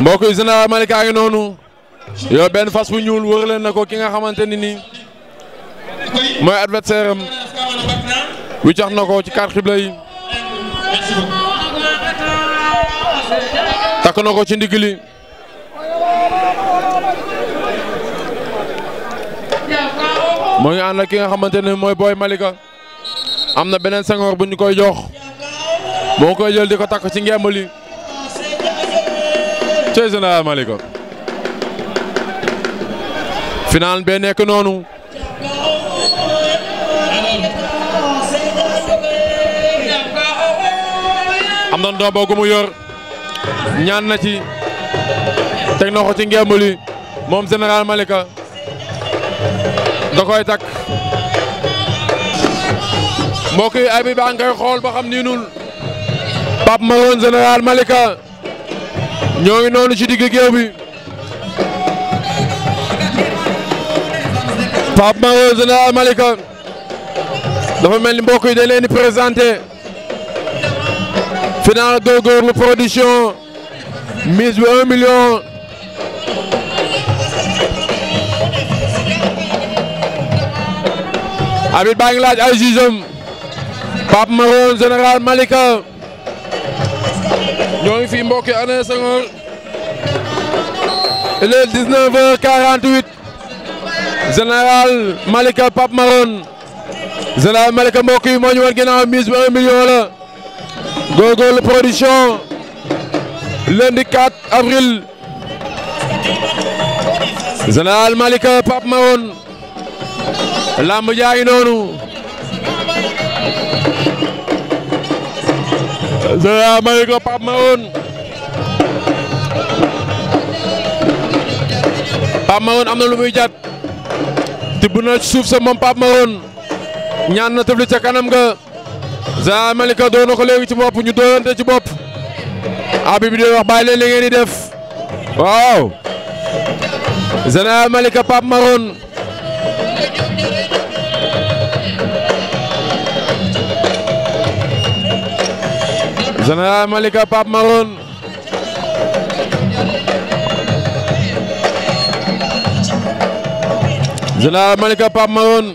mbokk yi général Malika ngi noonu yow benn fas bu ñuul wër leen na ko ki nga xamante ni nii mooy adversaire am na ko ci carte xibla yi takk na ko ci ndigg li moo ngi ànd ak ki nga xamante ne mooy booy Malika am na beneen sangoor bu ñu koy jox moo koy jël di ko takk ci ngemb cey général Malika final bee nekk noonu am na ndombo yor ñaan na ci teg na ci ngemb li moom général Malika da takk mbokk yi baa ngay xool ba xam ni nul Pape Maroon général Malika ñoo ngi noonu ci digg géew bi Pape Maro Général Malika dafa mel ni mbokk yi dañ leen di présenté final góorgóorlu production mise bi un million abit baa ngi laaj ay jugeam Pape Maro Général Malika ñoo ngi fi mbokki année Senghor il est général Malika Pape général Malika mbokk yi moo ñu war bi 1 million la Góorgóorlu production lundi 4 avril général Malika Pape lamb jaa noonu. Général may ko Pape Maone Pape Maone am na lu muy jat tibb na ci suuf sa moom Pape Maone ñaan na tëfli ca kanam nga Général Malika doon na ko léegi ci bopp ñu doonante ci bopp abi bi di wax bàyyi leen li ngeen di def waaw Général Malika Pape Maone général Malika Pape Maroon général Malika Pape Maroon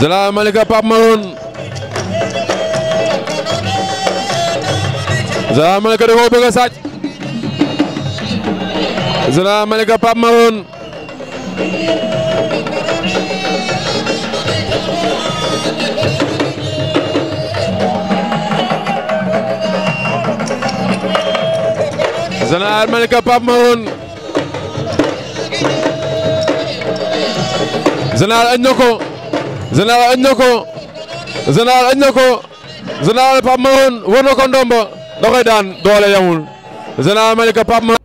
général Malika Pape Maroon général Malika da koo bëgg a sàcc général Malika Pape Maroon général Malika Pape Maroon général añ na ko général añ na ko añ na ko général Pape Maroon war na ko ndomba da daan doole yamul général Malika Pape Maroon